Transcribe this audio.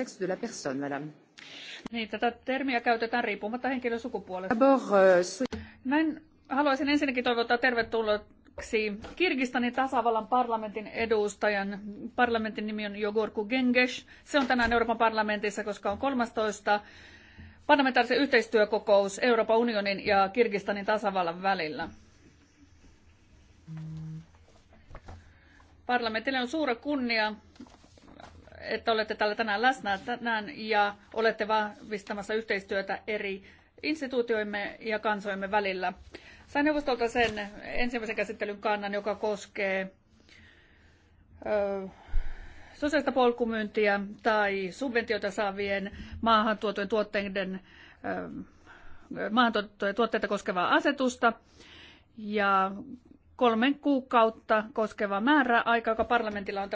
sexe de la personne, madame. Niin, tätä termiä käytetään riippumatta henkilön sukupuolesta. Euh, Näin haluaisin ensinnäkin toivottaa tervetulleeksi Kirgistanin tasavallan parlamentin edustajan. Parlamentin nimi on Jogorku Genges. Se on tänään Euroopan parlamentissa, koska on 13 parlamentaarisen yhteistyökokous Euroopan unionin ja Kirgistanin tasavallan välillä. Parlamentille on suuri kunnia että olette täällä tänään läsnä tänään ja olette vahvistamassa yhteistyötä eri instituutioimme ja kansoimme välillä. Sain neuvostolta sen ensimmäisen käsittelyn kannan, joka koskee ö, sosiaalista polkumyyntiä tai subventioita saavien maahantuotujen tuotteiden, ö, maahantuotujen tuotteita koskevaa asetusta ja kolmen kuukautta koskeva määrä aika, joka parlamentilla on